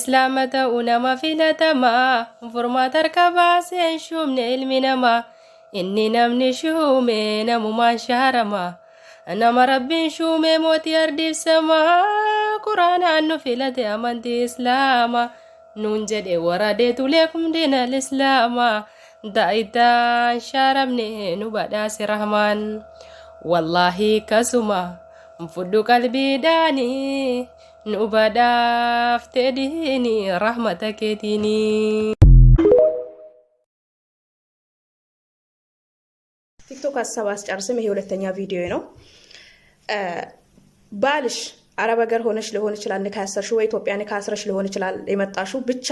اسلامتا ونما فينتما فرما تركبا سيشوم نما إني نم شومي نمو ما شهرما أنا ما ربي شومي موت يردي سما قرآن أنو فيلتي أمانتي إسلاما نون جدي ورديت لكم دين الإسلام دايتا شارمني نبداس رحمن والله كسما مفدو قلبي داني nu ubaadhaaf tedhiini ቲክቶክ ሀሳብ አስጨርስም። ይሄ ሁለተኛ ቪዲዮ ነው። ባልሽ አረብ ሀገር ሆነሽ ሊሆን ይችላል ንካ ወይ ኢትዮጵያ ንካ ሊሆን ይችላል የመጣሽው። ብቻ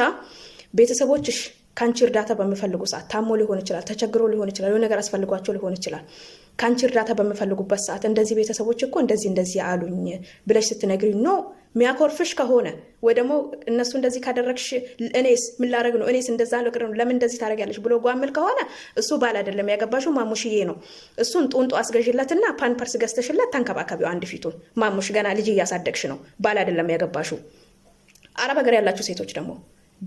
ቤተሰቦችሽ ከአንቺ እርዳታ በሚፈልጉ ሰዓት ታሞ ሊሆን ይችላል፣ ተቸግሮ ሊሆን ይችላል፣ የሆነ ነገር አስፈልጓቸው ሊሆን ይችላል። ከአንቺ እርዳታ በሚፈልጉበት ሰዓት እንደዚህ ቤተሰቦች እኮ እንደዚህ እንደዚህ አሉኝ ብለሽ ስትነግሪ ነው ሚያኮርፍሽ ከሆነ ወይ ደግሞ እነሱ እንደዚህ ካደረግሽ እኔስ ምን ላደርግ ነው? እኔስ እንደዛ ነገር ነው ለምን እንደዚህ ታደርጊያለሽ ብሎ ጓምል ከሆነ እሱ ባል አይደለም ያገባሽው ማሙሽዬ ነው። እሱን ጡንጦ አስገዥለትና ፓንፐርስ ገዝተሽለት ተንከባከቢው። አንድ ፊቱን ማሙሽ ገና ልጅ እያሳደግሽ ነው። ባል አይደለም ያገባሽው። አረብ ሀገር ያላችሁ ሴቶች ደግሞ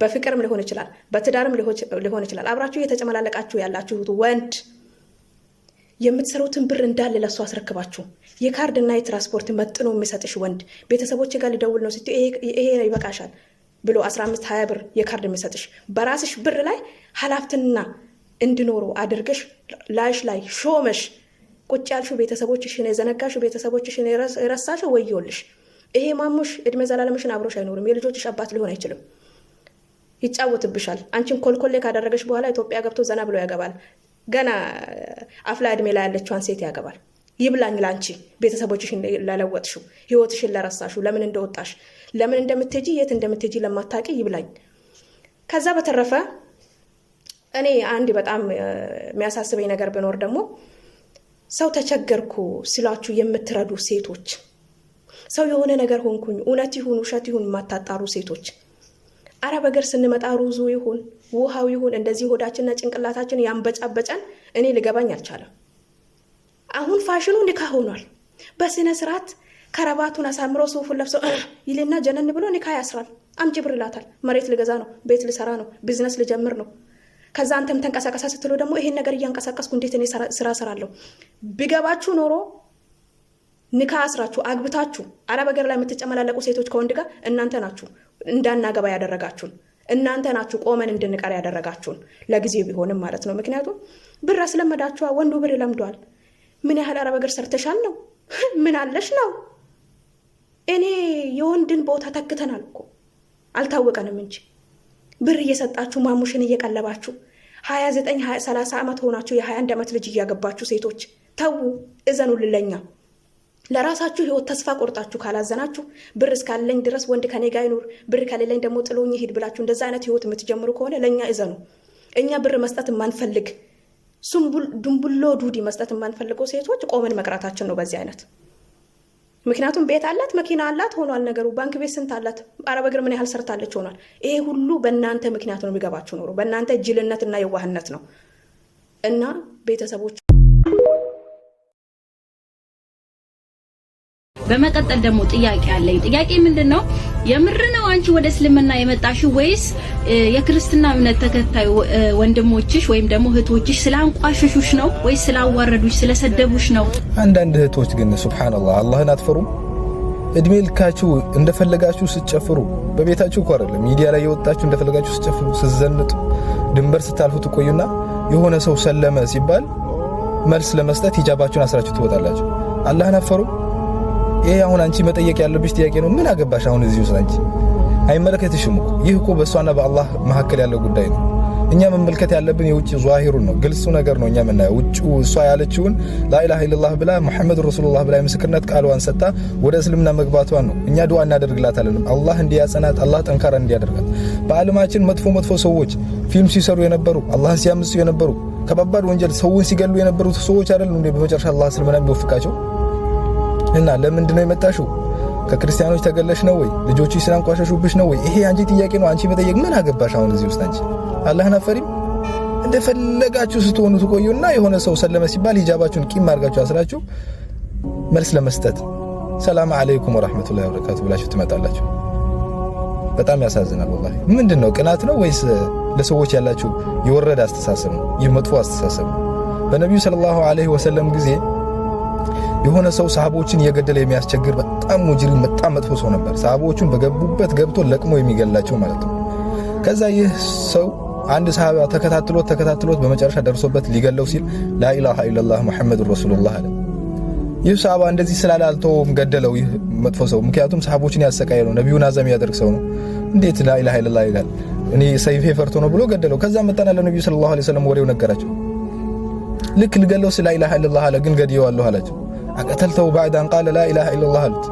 በፍቅርም ሊሆን ይችላል፣ በትዳርም ሊሆን ይችላል። አብራችሁ እየተጨመላለቃችሁ ያላችሁት ወንድ የምትሰሩትን ብር እንዳለ ለሱ አስረክባችሁ የካርድና የትራንስፖርት መጥኖ የሚሰጥሽ ወንድ ቤተሰቦች ጋር ልደውል ነው ስትይ ይሄ ይበቃሻል ብሎ 15 20 ብር የካርድ የሚሰጥሽ በራስሽ ብር ላይ ሀላፍትና እንዲኖሩ አድርገሽ ላይሽ ላይ ሾመሽ ቁጭ ያልሽው ቤተሰቦችሽን የዘነጋሽው ቤተሰቦችሽን የረሳሽው ወዮልሽ። ይሄ ማሙሽ እድሜ ዘላለምሽን አብሮሽ አይኖርም። የልጆችሽ አባት ሊሆን አይችልም። ይጫወትብሻል። አንቺን ኮልኮሌ ካደረገሽ በኋላ ኢትዮጵያ ገብቶ ዘና ብሎ ያገባል። ገና አፍላ እድሜ ላይ ያለችዋን ሴት ያገባል። ይብላኝ ላንቺ ቤተሰቦችሽን ለለወጥሽው፣ ህይወትሽን ለረሳሽው፣ ለምን እንደወጣሽ፣ ለምን እንደምትሄጂ፣ የት እንደምትሄጂ ለማታውቂ ይብላኝ። ከዛ በተረፈ እኔ አንድ በጣም የሚያሳስበኝ ነገር ብኖር ደግሞ ሰው ተቸገርኩ ስላችሁ የምትረዱ ሴቶች፣ ሰው የሆነ ነገር ሆንኩኝ እውነት ይሁን ውሸት ይሁን የማታጣሩ ሴቶች፣ አረብ ሀገር ስንመጣ ሩዙ ይሁን ውሃው ይሁን እንደዚህ ሆዳችንና ጭንቅላታችን ያንበጫበጨን እኔ ልገባኝ አልቻለም። አሁን ፋሽኑ ኒካ ሆኗል። በስነ ስርዓት ከረባቱን አሳምሮ ሱፉን ለብሶ ይልና ጀነን ብሎ ኒካ ያስራል። አምጪ ብር ይላታል። መሬት ልገዛ ነው፣ ቤት ልሰራ ነው፣ ቢዝነስ ልጀምር ነው። ከዛ አንተም ተንቀሳቀሰ ስትሎ ደግሞ ይሄን ነገር እያንቀሳቀስኩ እንዴት እኔ ስራ ስራለሁ? ቢገባችሁ ኖሮ ንካ አስራችሁ አግብታችሁ አረብ ላይ የምትጨመላለቁ ሴቶች ከወንድ ጋር እናንተ ናችሁ እንዳናገባ ያደረጋችሁን። እናንተ ናችሁ ቆመን እንድንቀር ያደረጋችሁን ለጊዜ ቢሆንም ማለት ነው። ምክንያቱም ብር አስለመዳችኋ። ወንዱ ብር ለምዷል። ምን ያህል አረብ ሀገር ሰርተሻል ነው? ምን አለሽ ነው? እኔ የወንድን ቦታ ተክተናል እኮ አልታወቀንም እንጂ ብር እየሰጣችሁ ማሙሽን እየቀለባችሁ ሀያ ዘጠኝ ሰላሳ ዓመት ሆናችሁ የሀያ አንድ ዓመት ልጅ እያገባችሁ ሴቶች ተዉ፣ እዘኑልለኛ ለራሳችሁ ህይወት ተስፋ ቆርጣችሁ ካላዘናችሁ ብር እስካለኝ ድረስ ወንድ ከኔ ጋር ይኑር፣ ብር ከሌለኝ ደግሞ ጥሎኝ ሂድ ብላችሁ እንደዛ አይነት ህይወት የምትጀምሩ ከሆነ ለእኛ እዘኑ። እኛ ብር መስጠት የማንፈልግ ድንቡሎ ዱዲ መስጠት የማንፈልገው ሴቶች ቆመን መቅራታችን ነው በዚህ አይነት ምክንያቱም ቤት አላት፣ መኪና አላት ሆኗል ነገሩ። ባንክ ቤት ስንት አላት፣ አረብ እግር ምን ያህል ሰርታለች ሆኗል። ይሄ ሁሉ በእናንተ ምክንያት ነው የሚገባችሁ ኖሮ በእናንተ እና የዋህነት ነው እና ቤተሰቦች በመቀጠል ደግሞ ጥያቄ አለኝ። ጥያቄ ምንድነው? የምር ነው አንቺ ወደ እስልምና የመጣሽ ወይስ የክርስትና እምነት ተከታይ ወንድሞችሽ ወይም ደግሞ እህቶችሽ ስላንቋሸሹሽ ነው ወይስ ስላዋረዱሽ፣ ስለሰደቡሽ ነው? አንዳንድ እህቶች ግን ሱብሃንአላህ አላህን አትፈሩም። እድሜ ልካችሁ እንደፈለጋችሁ ስጨፍሩ በቤታችሁ እኮ አይደለም ሚዲያ ላይ የወጣችሁ እንደፈለጋችሁ ስትጨፍሩ ስዘንጡ ድንበር ስታልፉ ትቆዩና የሆነ ሰው ሰለመ ሲባል መልስ ለመስጠት ሂጃባችሁን አስራችሁ ትወጣላችሁ። አላህን አፈሩም? ይሄ አሁን አንቺ መጠየቅ ያለብሽ ጥያቄ ነው። ምን አገባሽ አሁን እዚህ ውስጥ አንቺ አይመለከትሽም እኮ። ይህ እኮ በእሷና በአላህ መካከል ያለው ጉዳይ ነው። እኛ መመልከት ያለብን የውጭ ዛሂሩን ነው፣ ግልጹ ነገር ነው። እኛ የምናየው ውጭ እሷ ያለችውን ላኢላሃ ኢለላህ ብላ ሙሐመድ ረሱሉላህ ብላ የምስክርነት ቃልዋን ሰጥታ ወደ እስልምና መግባቷን ነው። እኛ ዱዓ እናደርግላታለን፣ አላህ እንዲያጸናት፣ አላህ ጠንካራ እንዲያደርጋት። በዓለማችን መጥፎ መጥፎ ሰዎች ፊልም ሲሰሩ የነበሩ አላህን ሲያምፁ የነበሩ ከባባድ ወንጀል ሰውን ሲገሉ የነበሩት ሰዎች አይደሉም እንዴ በመጨረሻ አላህ እስልምና የሚወፍቃቸው? እና ለምንድን ነው የመጣሽው? ከክርስቲያኖች ተገለሽ ነው ወይ? ልጆቹ ቋሸሹብሽ ነው ወይ? ይሄ አንቺ ጥያቄ ነው። አንቺ መጠየቅ ምን አገባሽ አሁን እዚህ ውስጥ አንቺ አላህን አፈሪም? እንደፈለጋችሁ ስትሆኑ ትቆዩና የሆነ ሰው ሰለመ ሲባል ሂጃባችሁን ቂም አድርጋችሁ አስራችሁ መልስ ለመስጠት ሰላም አለይኩም ወራህመቱላሂ ወበረካቱ ብላችሁ ትመጣላችሁ። በጣም ያሳዝናል። ወላሂ ምንድን ነው ቅናት ነው ወይስ ለሰዎች ያላችሁ የወረደ አስተሳሰብ ነው? ይህ መጥፎ አስተሳሰብ ነው። በነቢዩ ሰለላሁ ዐለይሂ ወሰለም ጊዜ የሆነ ሰው ሰሃቦችን እየገደለ የሚያስቸግር በጣም ሙጅሪ በጣም መጥፎ ሰው ነበር። ሰሃቦቹን በገቡበት ገብቶ ለቅሞ የሚገላቸው ማለት ነው። ከዛ ይህ ሰው አንድ ሰሃባ ተከታትሎት ተከታትሎት በመጨረሻ ደርሶበት ሊገለው ሲል ላኢላሃ ኢለላህ ሙሐመዱን ረሱሉላህ አለ። ይህ ሰሃባ እንደዚህ ስላላልተውም ገደለው። ይህ መጥፎ ሰው ምክንያቱም ሰሃቦችን ያሰቃየ ነው፣ ነቢዩን አዘም ያደርግ ሰው ነው። እንዴት ላኢላሃ ኢለላህ ይላል? እኔ ሰይፌ ፈርቶ ነው ብሎ ገደለው። ከዛ መጣና ለነቢዩ ሰለላሁ ዐለይሂ ወሰለም ወሬው ነገራቸው። ልክ ልገለው ስላኢላሃ ኢለላህ አለ፣ ግን ገድየዋለሁ አላቸው ቀተልተው ባዕድ አን ቃለ ላኢላሃ ኢለላህ አሉት።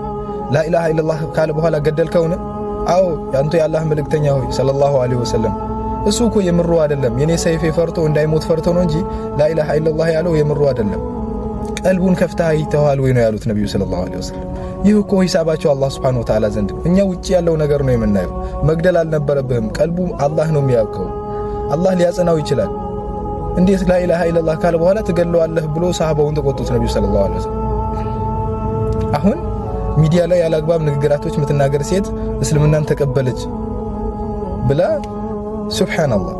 ላኢላሃ ኢለላህ ካለ በኋላ ገደልከውን? አዎ ያንተ የአላህ መልእክተኛ ሆይ ሰለላሁ ዐለይሂ ወሰለም እሱ እኮ የምሩ አይደለም። የኔ ሰይፌ ፈርቶ እንዳይሞት ፈርቶ ነው እንጂ ላኢላሃ ኢለላህ ያለው የምሩ አይደለም። ቀልቡን ከፍተህ አይተኸዋል ወይ ነው ያሉት ነቢዩ ሰለላሁ ዐለይሂ ወሰለም። ይህ እኮ ሂሳባቸው አላህ ሱብሓነሁ ወተዓላ ዘንድ እኛ ውጭ ያለው ነገር ነው የምናየው። መግደል አልነበረብህም። ቀልቡ አላህ ነው የሚያውቀው። አላህ ሊያጸናው ይችላል። እንዴት ላኢላሃ ኢለላህ ካለ በኋላ ትገለዋለህ ብሎ ሰሃባውን ተቆጡት ነቢዩ ሰለላሁ ዐለይሂ ወሰለም። አሁን ሚዲያ ላይ ያለ ንግግራቶች የምትናገር ሴት እስልምናን ተቀበለች ብላ ሱብሓነላህ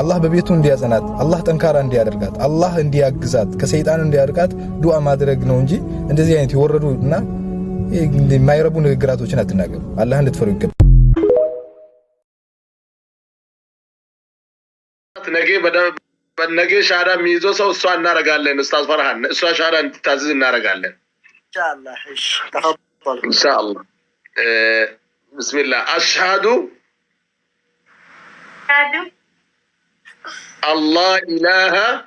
አላህ በቤቱ እንዲያጸናት አላህ ጠንካራ እንዲያደርጋት አላህ እንዲያግዛት ከሰይጣን እንዲያርቃት ዱዓ ማድረግ ነው እንጂ እንደዚህ አይነት የወረዱ እና የማይረቡ ንግግራቶችን አትናገሩ። አላህ እንድትፈሩ ይገባል። ነገ ሻዳ የሚይዘው ሰው እሷ እናረጋለን። ኡስታዝ ፈርሃን እሷ ሻዳ እንድታዝዝ እናረጋለን። شاء الله تفضل ان شاء الله إيه، بسم الله اشهد اشهد الله اله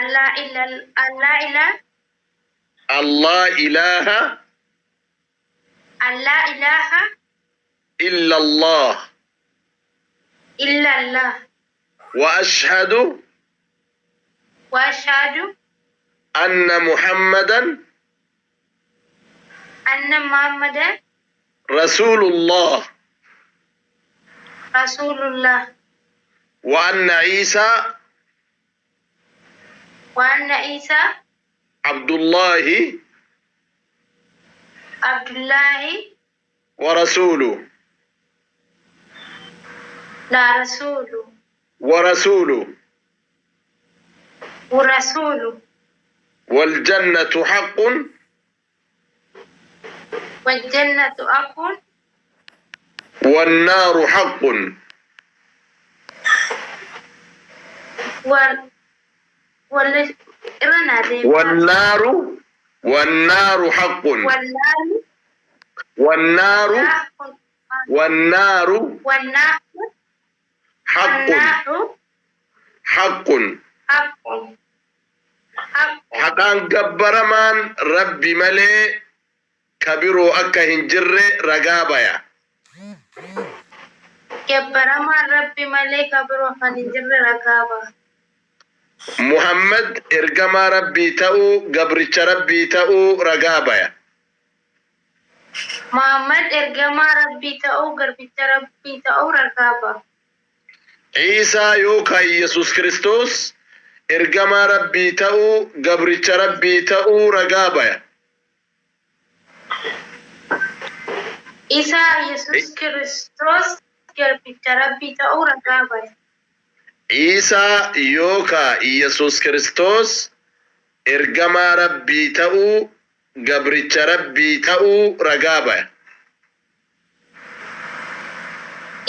الله الا الله اله الله اله الا الله الا الله واشهد واشهد أن محمدا أن محمدا رسول الله رسول الله وأن عيسى وأن عيسى عبد الله عبد الله ورسوله لا رسوله ورسوله ورسوله والجنة حق والجنة حق والنار حق وال... والنار والنار حق والنار والنار والنار والنار حق حق حق haqaan gabbaramaan rabbi malee ka biroo akka hin jirre ragaa baya. rabbi malee hin jirre Muhammad ergamaa rabbii ta'uu gabricha rabbii ta'uu ragaa baya. ergamaa garbicha Ciisaa yookaan Kiristoos. ergamaa rabbii ta'uu gabricha rabbii ta'uu ragaa baya isa yesus kristos garbicha rabbii ta'uu ragaa baya isaa yookaa yesus kristos ergamaa rabbii ta'uu gabricha rabbii ta'uu ragaa baya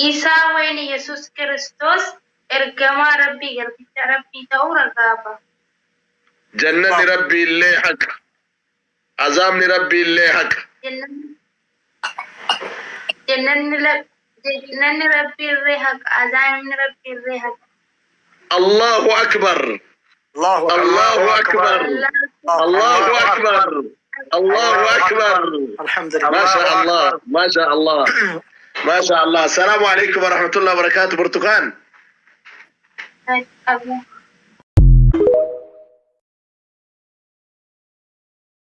isaa wayni yesus kristos ارقام ربي قربت ربي جنة ربي اللي حق عزام ربي اللي حق جنن ربي اللي حق عزام ربي اللي حق الله أكبر الله أكبر الله أكبر الله أكبر, الحمد لله ما شاء الله ما شاء الله ما شاء الله السلام عليكم ورحمه الله وبركاته برتقان 哎，大公。